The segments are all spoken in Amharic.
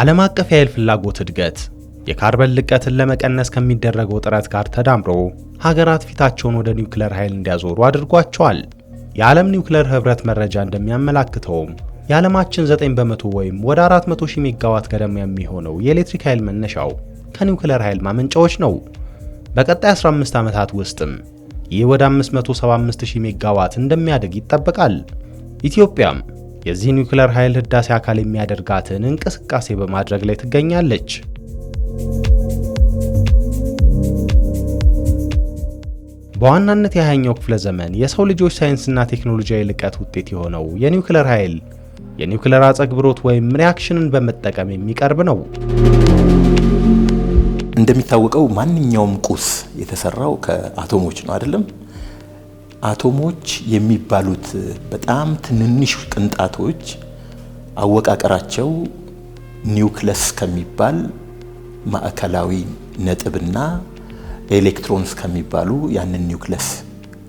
ዓለም አቀፍ የኃይል ፍላጎት እድገት የካርበን ልቀትን ለመቀነስ ከሚደረገው ጥረት ጋር ተዳምሮ ሀገራት ፊታቸውን ወደ ኒውክሌር ኃይል እንዲያዞሩ አድርጓቸዋል። የዓለም ኒውክሌር ኅብረት መረጃ እንደሚያመላክተውም የዓለማችን 9 በመቶ ወይም ወደ 400 ሺህ ሜጋዋት ገደማ የሚሆነው የኤሌክትሪክ ኃይል መነሻው ከኒውክሌር ኃይል ማመንጫዎች ነው። በቀጣይ 15 ዓመታት ውስጥም ይህ ወደ 575 ሺህ ሜጋዋት እንደሚያደግ ይጠበቃል። ኢትዮጵያም የዚህ ኒውክሌር ኃይል ህዳሴ አካል የሚያደርጋትን እንቅስቃሴ በማድረግ ላይ ትገኛለች። በዋናነት የሃያኛው ክፍለ ዘመን የሰው ልጆች ሳይንስና ቴክኖሎጂያዊ ልቀት ውጤት የሆነው የኒውክሌር ኃይል የኒውክሌር አጸግብሮት ወይም ሪያክሽንን በመጠቀም የሚቀርብ ነው። እንደሚታወቀው ማንኛውም ቁስ የተሰራው ከአቶሞች ነው አይደለም? አቶሞች የሚባሉት በጣም ትንንሽ ቅንጣቶች አወቃቀራቸው ኒውክለስ ከሚባል ማዕከላዊ ነጥብና ኤሌክትሮንስ ከሚባሉ ያንን ኒውክለስ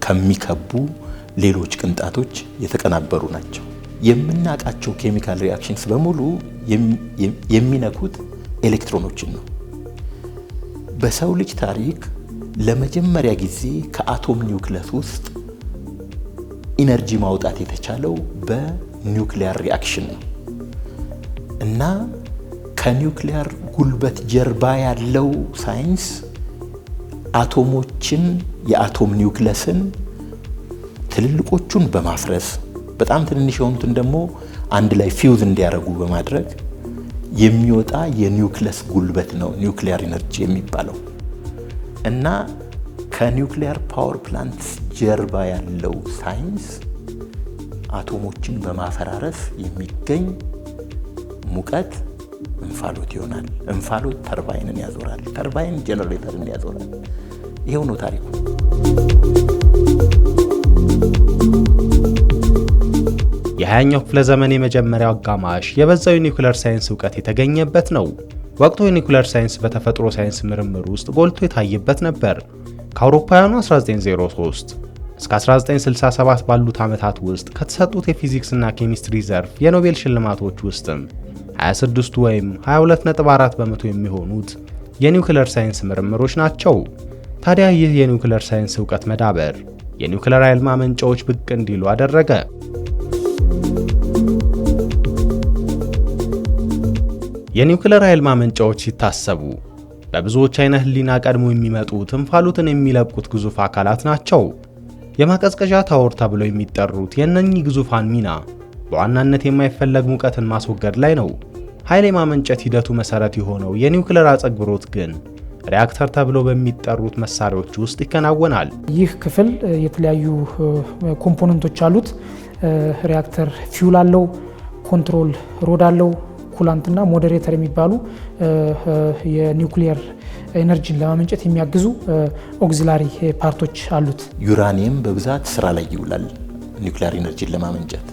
ከሚከቡ ሌሎች ቅንጣቶች የተቀናበሩ ናቸው። የምናውቃቸው ኬሚካል ሪአክሽንስ በሙሉ የሚነኩት ኤሌክትሮኖችን ነው። በሰው ልጅ ታሪክ ለመጀመሪያ ጊዜ ከአቶም ኒውክለስ ውስጥ ኢነርጂ ማውጣት የተቻለው በኒውክሊየር ሪአክሽን ነው እና ከኒውክሊያር ጉልበት ጀርባ ያለው ሳይንስ አቶሞችን የአቶም ኒውክለስን ትልልቆቹን በማፍረስ በጣም ትንንሽ የሆኑትን ደግሞ አንድ ላይ ፊውዝ እንዲያደርጉ በማድረግ የሚወጣ የኒውክለስ ጉልበት ነው ኒውክሊየር ኢነርጂ የሚባለው እና ከኒውክሊያር ፓወር ፕላንት ጀርባ ያለው ሳይንስ አቶሞችን በማፈራረስ የሚገኝ ሙቀት እንፋሎት ይሆናል። እንፋሎት ተርባይንን ያዞራል። ተርባይን ጀነሬተርን ያዞራል። ይሄው ነው ታሪኩ። የሀያኛው ክፍለ ዘመን የመጀመሪያው አጋማሽ የበዛው የኒውክለር ሳይንስ እውቀት የተገኘበት ነው። ወቅቱ የኒውክለር ሳይንስ በተፈጥሮ ሳይንስ ምርምር ውስጥ ጎልቶ የታየበት ነበር። ከአውሮፓውያኑ 1903 እስከ 1967 ባሉት ዓመታት ውስጥ ከተሰጡት የፊዚክስና ኬሚስትሪ ዘርፍ የኖቤል ሽልማቶች ውስጥም 26ቱ ወይም 22.4 በመቶ የሚሆኑት የኒውክለር ሳይንስ ምርምሮች ናቸው። ታዲያ ይህ የኒውክለር ሳይንስ እውቀት መዳበር የኒውክለር ኃይል ማመንጫዎች ብቅ እንዲሉ አደረገ። የኒውክለር ኃይል ማመንጫዎች ሲታሰቡ በብዙዎች አይነ ህሊና ቀድሞ የሚመጡ ትንፋሉትን የሚለቁት ግዙፍ አካላት ናቸው። የማቀዝቀዣ ታወር ተብለው የሚጠሩት የእነኚህ ግዙፋን ሚና በዋናነት የማይፈለግ ሙቀትን ማስወገድ ላይ ነው። ኃይል የማመንጨት ሂደቱ መሰረት የሆነው የኒውክለር አጸግብሮት ግን ሪያክተር ተብሎ በሚጠሩት መሳሪያዎች ውስጥ ይከናወናል። ይህ ክፍል የተለያዩ ኮምፖነንቶች አሉት። ሪያክተር ፊውል አለው፣ ኮንትሮል ሮድ አለው፣ ኩላንትና ሞዴሬተር የሚባሉ የኒውክሊየር ኤነርጂን ለማመንጨት የሚያግዙ ኦግዚላሪ ፓርቶች አሉት። ዩራኒየም በብዛት ስራ ላይ ይውላል ኒውክሊየር ኤነርጂን ለማመንጨት።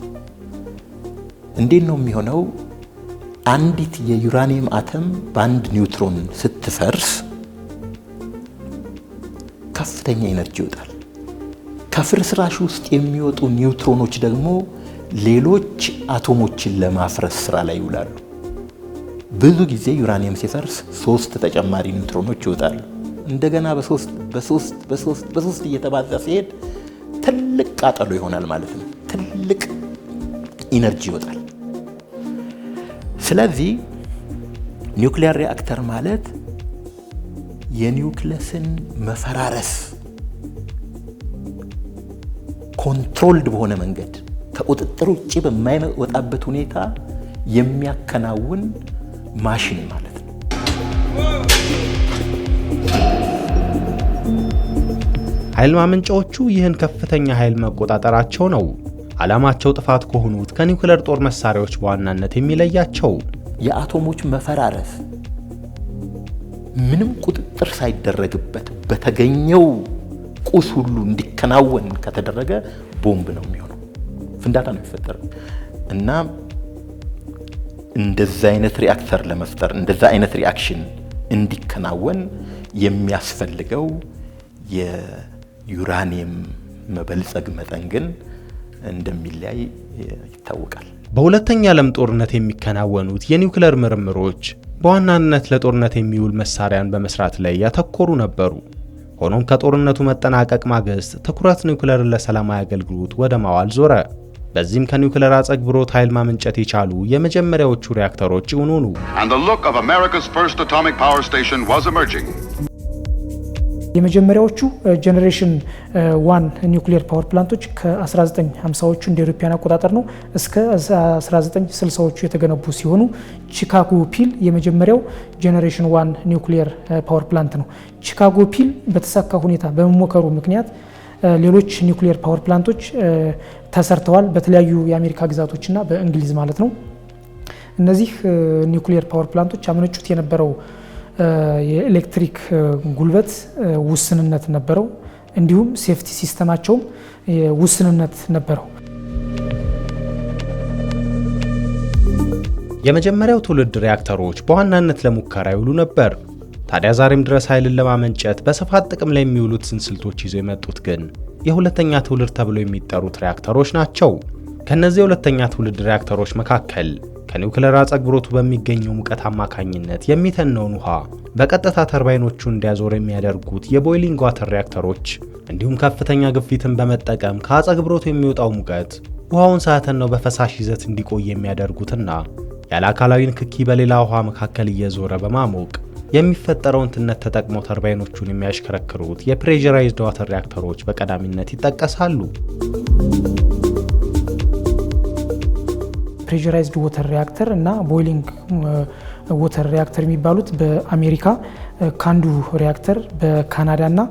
እንዴት ነው የሚሆነው? አንዲት የዩራኒየም አተም በአንድ ኒውትሮን ስትፈርስ ከፍተኛ ኤነርጂ ይወጣል። ከፍርስራሽ ውስጥ የሚወጡ ኒውትሮኖች ደግሞ ሌሎች አቶሞችን ለማፍረስ ስራ ላይ ይውላሉ። ብዙ ጊዜ ዩራኒየም ሲፈርስ ሶስት ተጨማሪ ኒውትሮኖች ይወጣሉ። እንደገና በሶስት በሶስት በሶስት በሶስት እየተባዛ ሲሄድ ትልቅ ቃጠሎ ይሆናል ማለት ነው። ትልቅ ኢነርጂ ይወጣል። ስለዚህ ኒውክሊየር ሪአክተር ማለት የኒውክለስን መፈራረስ ኮንትሮልድ በሆነ መንገድ ከቁጥጥር ውጭ በማይወጣበት ሁኔታ የሚያከናውን ማሽን ማለት ነው። ኃይል ማመንጫዎቹ ይህን ከፍተኛ ኃይል መቆጣጠራቸው ነው ዓላማቸው ጥፋት ከሆኑት ከኒውክለር ጦር መሳሪያዎች በዋናነት የሚለያቸው። የአቶሞች መፈራረስ ምንም ቁጥጥር ሳይደረግበት በተገኘው ቁስ ሁሉ እንዲከናወን ከተደረገ ቦምብ ነው የሚሆነው፣ ፍንዳታ ነው የሚፈጠረው እና እንደዛ አይነት ሪአክተር ለመፍጠር እንደዛ አይነት ሪአክሽን እንዲከናወን የሚያስፈልገው የዩራኒየም መበልጸግ መጠን ግን እንደሚለያይ ይታወቃል። በሁለተኛ ዓለም ጦርነት የሚከናወኑት የኒውክለር ምርምሮች በዋናነት ለጦርነት የሚውል መሳሪያን በመስራት ላይ ያተኮሩ ነበሩ። ሆኖም ከጦርነቱ መጠናቀቅ ማግስት ትኩረት ኒውክለርን ለሰላማዊ አገልግሎት ወደ ማዋል ዞረ። በዚህም ከኒውክሌር አጸግብሮት ኃይል ማመንጨት የቻሉ የመጀመሪያዎቹ ሪያክተሮች ይሁኑኑ። የመጀመሪያዎቹ ጀኔሬሽን ዋን ኒውክሌር ፓወር ፕላንቶች ከ1950ዎቹ እንደ ኢሮፓያን አቆጣጠር ነው እስከ 1960ዎቹ uh, የተገነቡ ሲሆኑ ቺካጎ ፒል የመጀመሪያው ጀኔሬሽን ዋን ኒውክሌር ፓወር ፕላንት ነው። ቺካጎ ፒል በተሳካ ሁኔታ በመሞከሩ ምክንያት ሌሎች ኒውክሊየር ፓወር ፕላንቶች ተሰርተዋል በተለያዩ የአሜሪካ ግዛቶችና በእንግሊዝ ማለት ነው። እነዚህ ኒውክሊየር ፓወር ፕላንቶች ያመነጩት የነበረው የኤሌክትሪክ ጉልበት ውስንነት ነበረው፣ እንዲሁም ሴፍቲ ሲስተማቸውም ውስንነት ነበረው። የመጀመሪያው ትውልድ ሪያክተሮች በዋናነት ለሙከራ ይውሉ ነበር። ታዲያ ዛሬም ድረስ ኃይልን ለማመንጨት በስፋት ጥቅም ላይ የሚውሉ ስልቶች ይዘው የመጡት ግን የሁለተኛ ትውልድ ተብለው የሚጠሩት ሪያክተሮች ናቸው። ከእነዚህ የሁለተኛ ትውልድ ሪያክተሮች መካከል ከኒውክለር አጸግብሮቱ በሚገኘው ሙቀት አማካኝነት የሚተነውን ውሃ በቀጥታ ተርባይኖቹ እንዲያዞር የሚያደርጉት የቦይሊንግ ዋተር ሪያክተሮች እንዲሁም ከፍተኛ ግፊትን በመጠቀም ከአጸግብሮቱ የሚወጣው ሙቀት ውሃውን ሳያተነው በፈሳሽ ይዘት እንዲቆይ የሚያደርጉትና ያለ አካላዊ ንክኪ በሌላ ውሃ መካከል እየዞረ በማሞቅ የሚፈጠረውን ትነት ተጠቅመው ተርባይኖቹን የሚያሽከረክሩት የፕሬዠራይዝድ ዋተር ሪያክተሮች በቀዳሚነት ይጠቀሳሉ። ፕሬዠራይዝድ ወተር ሪያክተር እና ቦይሊንግ ወተር ሪያክተር የሚባሉት በአሜሪካ ካንዱ ሪያክተር በካናዳ እና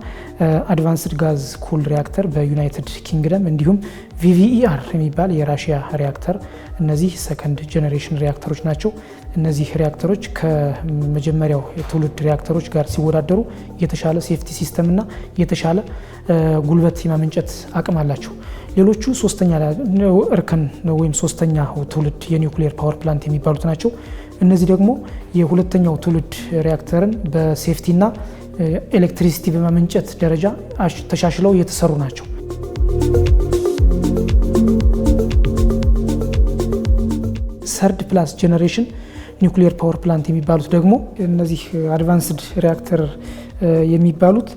አድቫንስድ ጋዝ ኩል ሪያክተር በዩናይትድ ኪንግደም እንዲሁም ቪቪኢአር የሚባል የራሽያ ሪያክተር እነዚህ ሰከንድ ጀኔሬሽን ሪያክተሮች ናቸው። እነዚህ ሪያክተሮች ከመጀመሪያው የትውልድ ሪያክተሮች ጋር ሲወዳደሩ የተሻለ ሴፍቲ ሲስተምና የተሻለ ጉልበት የማመንጨት አቅም አላቸው። ሌሎቹ ሶስተኛ እርከን ወይም ሶስተኛ ትውልድ የኒውክሌር ፓወር ፕላንት የሚባሉት ናቸው። እነዚህ ደግሞ የሁለተኛው ትውልድ ሪያክተርን በሴፍቲና ኤሌክትሪሲቲ በማመንጨት ደረጃ ተሻሽለው የተሰሩ ናቸው። ሰርድ ፕላስ ጄኔሬሽን ኒውክሊየር ፓወር ፕላንት የሚባሉት ደግሞ እነዚህ አድቫንስድ ሪያክተር የሚባሉት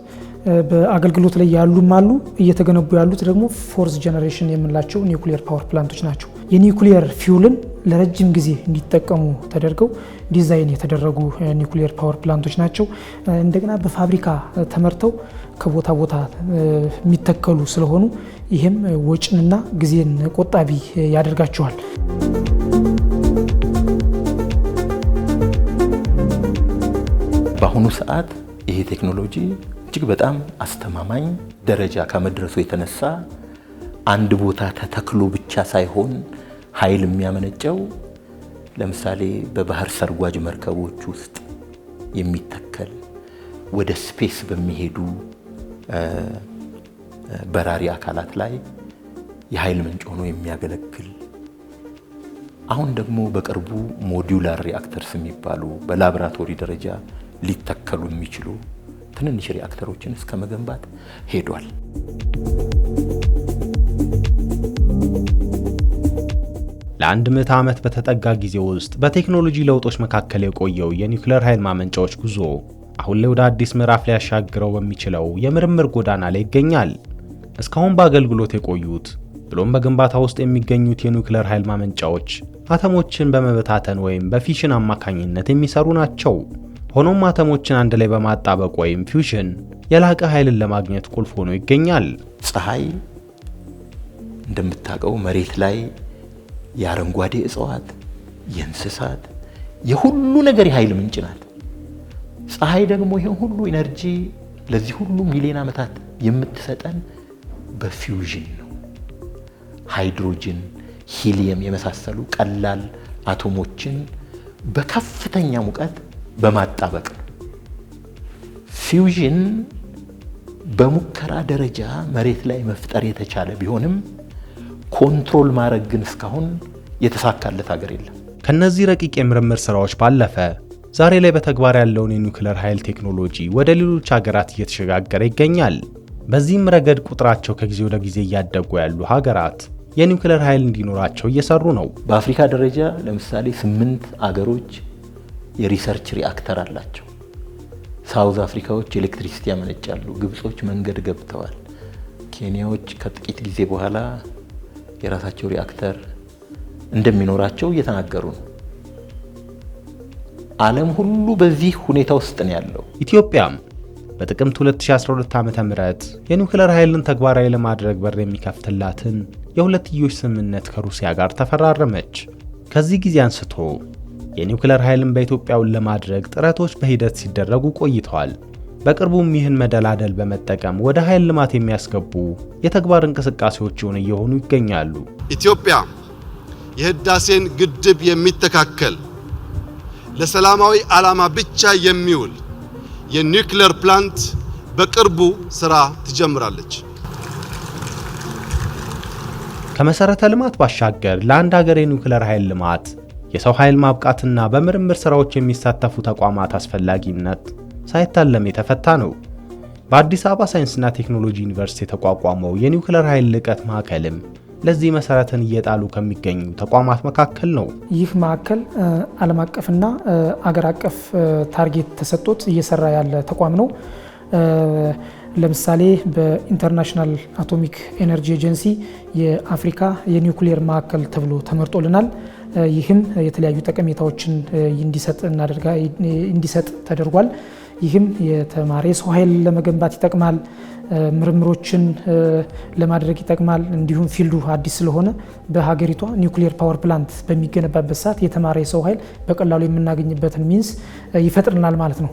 በአገልግሎት ላይ ያሉም አሉ። እየተገነቡ ያሉት ደግሞ ፎርስ ጀነሬሽን የምንላቸው ኒውክሊየር ፓወር ፕላንቶች ናቸው። የኒውክሊየር ፊውልን ለረጅም ጊዜ እንዲጠቀሙ ተደርገው ዲዛይን የተደረጉ ኒውክሊየር ፓወር ፕላንቶች ናቸው። እንደገና በፋብሪካ ተመርተው ከቦታ ቦታ የሚተከሉ ስለሆኑ ይህም ወጭንና ጊዜን ቆጣቢ ያደርጋቸዋል። በአሁኑ ሰዓት ይሄ ቴክኖሎጂ እጅግ በጣም አስተማማኝ ደረጃ ከመድረሱ የተነሳ አንድ ቦታ ተተክሎ ብቻ ሳይሆን ኃይል የሚያመነጨው ለምሳሌ በባህር ሰርጓጅ መርከቦች ውስጥ የሚተከል ወደ ስፔስ በሚሄዱ በራሪ አካላት ላይ የኃይል ምንጭ ሆኖ የሚያገለግል አሁን ደግሞ በቅርቡ ሞዲዩላር ሪአክተርስ የሚባሉ በላብራቶሪ ደረጃ ሊተከሉ የሚችሉ ትንንሽ ሪአክተሮችን እስከ መገንባት ሄዷል። ለአንድ ምዕተ ዓመት በተጠጋ ጊዜ ውስጥ በቴክኖሎጂ ለውጦች መካከል የቆየው የኒውክሌር ኃይል ማመንጫዎች ጉዞ አሁን ላይ ወደ አዲስ ምዕራፍ ሊያሻግረው በሚችለው የምርምር ጎዳና ላይ ይገኛል። እስካሁን በአገልግሎት የቆዩት ብሎም በግንባታ ውስጥ የሚገኙት የኒውክሌር ኃይል ማመንጫዎች አተሞችን በመበታተን ወይም በፊሽን አማካኝነት የሚሰሩ ናቸው። ሆኖም አተሞችን አንድ ላይ በማጣበቅ ወይም ፊውዥን የላቀ ኃይልን ለማግኘት ቁልፍ ሆኖ ይገኛል። ፀሐይ እንደምታውቀው መሬት ላይ የአረንጓዴ እጽዋት፣ የእንስሳት፣ የሁሉ ነገር የኃይል ምንጭ ናት። ፀሐይ ደግሞ ይህን ሁሉ ኢነርጂ ለዚህ ሁሉ ሚሊዮን ዓመታት የምትሰጠን በፊውዥን ነው። ሃይድሮጅን፣ ሂሊየም የመሳሰሉ ቀላል አቶሞችን በከፍተኛ ሙቀት በማጣበቅ ፊውዥን በሙከራ ደረጃ መሬት ላይ መፍጠር የተቻለ ቢሆንም ኮንትሮል ማድረግ ግን እስካሁን የተሳካለት ሀገር የለም። ከነዚህ ረቂቅ የምርምር ስራዎች ባለፈ ዛሬ ላይ በተግባር ያለውን የኒውክለር ኃይል ቴክኖሎጂ ወደ ሌሎች ሀገራት እየተሸጋገረ ይገኛል። በዚህም ረገድ ቁጥራቸው ከጊዜ ወደ ጊዜ እያደጉ ያሉ ሀገራት የኒውክለር ኃይል እንዲኖራቸው እየሰሩ ነው። በአፍሪካ ደረጃ ለምሳሌ ስምንት አገሮች የሪሰርች ሪአክተር አላቸው። ሳውዝ አፍሪካዎች ኤሌክትሪሲቲ ያመነጫሉ። ግብጾች መንገድ ገብተዋል። ኬንያዎች ከጥቂት ጊዜ በኋላ የራሳቸው ሪአክተር እንደሚኖራቸው እየተናገሩ ነው። ዓለም ሁሉ በዚህ ሁኔታ ውስጥ ነው ያለው። ኢትዮጵያም በጥቅምት 2012 ዓ.ም የኒውክለር ኃይልን ተግባራዊ ለማድረግ በር የሚከፍትላትን የሁለትዮሽ ስምምነት ከሩሲያ ጋር ተፈራረመች። ከዚህ ጊዜ አንስቶ የኒውክለር ኃይልን በኢትዮጵያውን ለማድረግ ጥረቶች በሂደት ሲደረጉ ቆይተዋል። በቅርቡም ይህን መደላደል በመጠቀም ወደ ኃይል ልማት የሚያስገቡ የተግባር እንቅስቃሴዎችን እየሆኑ ይገኛሉ። ኢትዮጵያ የህዳሴን ግድብ የሚተካከል ለሰላማዊ ዓላማ ብቻ የሚውል የኒውክለር ፕላንት በቅርቡ ስራ ትጀምራለች። ከመሰረተ ልማት ባሻገር ለአንድ ሀገር የኒውክለር ኃይል ልማት የሰው ኃይል ማብቃትና በምርምር ሥራዎች የሚሳተፉ ተቋማት አስፈላጊነት ሳይታለም የተፈታ ነው። በአዲስ አበባ ሳይንስና ቴክኖሎጂ ዩኒቨርሲቲ የተቋቋመው የኒውክለር ኃይል ልቀት ማዕከልም ለዚህ መሰረትን እየጣሉ ከሚገኙ ተቋማት መካከል ነው። ይህ ማዕከል ዓለም አቀፍና አገር አቀፍ ታርጌት ተሰጥቶት እየሰራ ያለ ተቋም ነው። ለምሳሌ በኢንተርናሽናል አቶሚክ ኤነርጂ ኤጀንሲ የአፍሪካ የኒውክሌር ማዕከል ተብሎ ተመርጦልናል። ይህም የተለያዩ ጠቀሜታዎችን እንዲሰጥ ተደርጓል። ይህም የተማሪ የሰው ኃይል ለመገንባት ይጠቅማል፣ ምርምሮችን ለማድረግ ይጠቅማል። እንዲሁም ፊልዱ አዲስ ስለሆነ በሀገሪቷ ኒውክሊየር ፓወር ፕላንት በሚገነባበት ሰዓት የተማሪ የሰው ኃይል በቀላሉ የምናገኝበትን ሚንስ ይፈጥርናል ማለት ነው።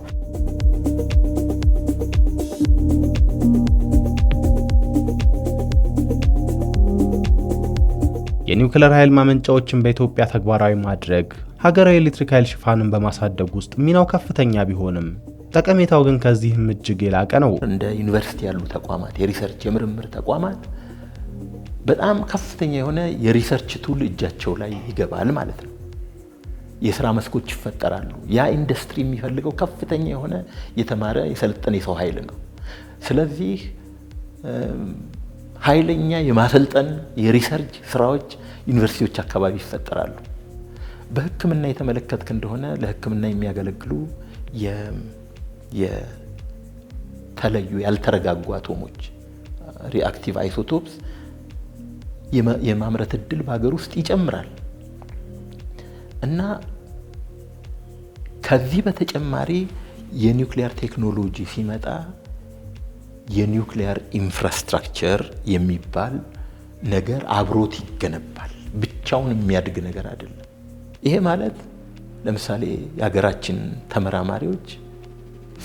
የኒውክለር ኃይል ማመንጫዎችን በኢትዮጵያ ተግባራዊ ማድረግ ሀገራዊ ኤሌክትሪክ ኃይል ሽፋንን በማሳደግ ውስጥ ሚናው ከፍተኛ ቢሆንም ጠቀሜታው ግን ከዚህም እጅግ የላቀ ነው። እንደ ዩኒቨርሲቲ ያሉ ተቋማት የሪሰርች የምርምር ተቋማት በጣም ከፍተኛ የሆነ የሪሰርች ቱል እጃቸው ላይ ይገባል ማለት ነው። የስራ መስኮች ይፈጠራሉ። ያ ኢንዱስትሪ የሚፈልገው ከፍተኛ የሆነ የተማረ የሰለጠነ የሰው ኃይል ነው። ስለዚህ ኃይለኛ የማሰልጠን የሪሰርች ስራዎች ዩኒቨርሲቲዎች አካባቢ ይፈጠራሉ። በሕክምና የተመለከትክ እንደሆነ ለሕክምና የሚያገለግሉ የተለዩ ያልተረጋጉ አቶሞች ሪአክቲቭ አይሶቶፕስ የማምረት እድል በሀገር ውስጥ ይጨምራል እና ከዚህ በተጨማሪ የኒውክሊያር ቴክኖሎጂ ሲመጣ የኒውክሊያር ኢንፍራስትራክቸር የሚባል ነገር አብሮት ይገነባል። ብቻውን የሚያድግ ነገር አይደለም። ይሄ ማለት ለምሳሌ የሀገራችን ተመራማሪዎች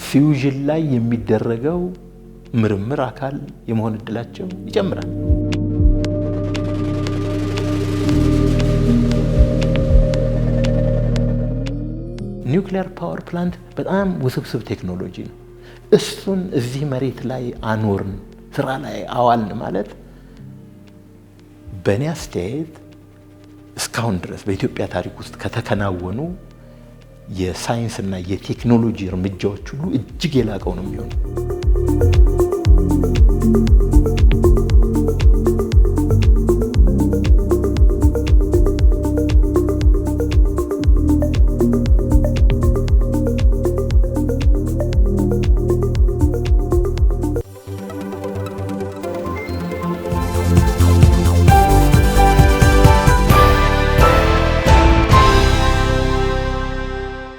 ፊውዥን ላይ የሚደረገው ምርምር አካል የመሆን እድላቸው ይጨምራል። ኒውክሊያር ፓወር ፕላንት በጣም ውስብስብ ቴክኖሎጂ ነው። እሱን እዚህ መሬት ላይ አኖርን፣ ስራ ላይ አዋልን ማለት በእኔ አስተያየት እስካሁን ድረስ በኢትዮጵያ ታሪክ ውስጥ ከተከናወኑ የሳይንስና የቴክኖሎጂ እርምጃዎች ሁሉ እጅግ የላቀው ነው የሚሆነው።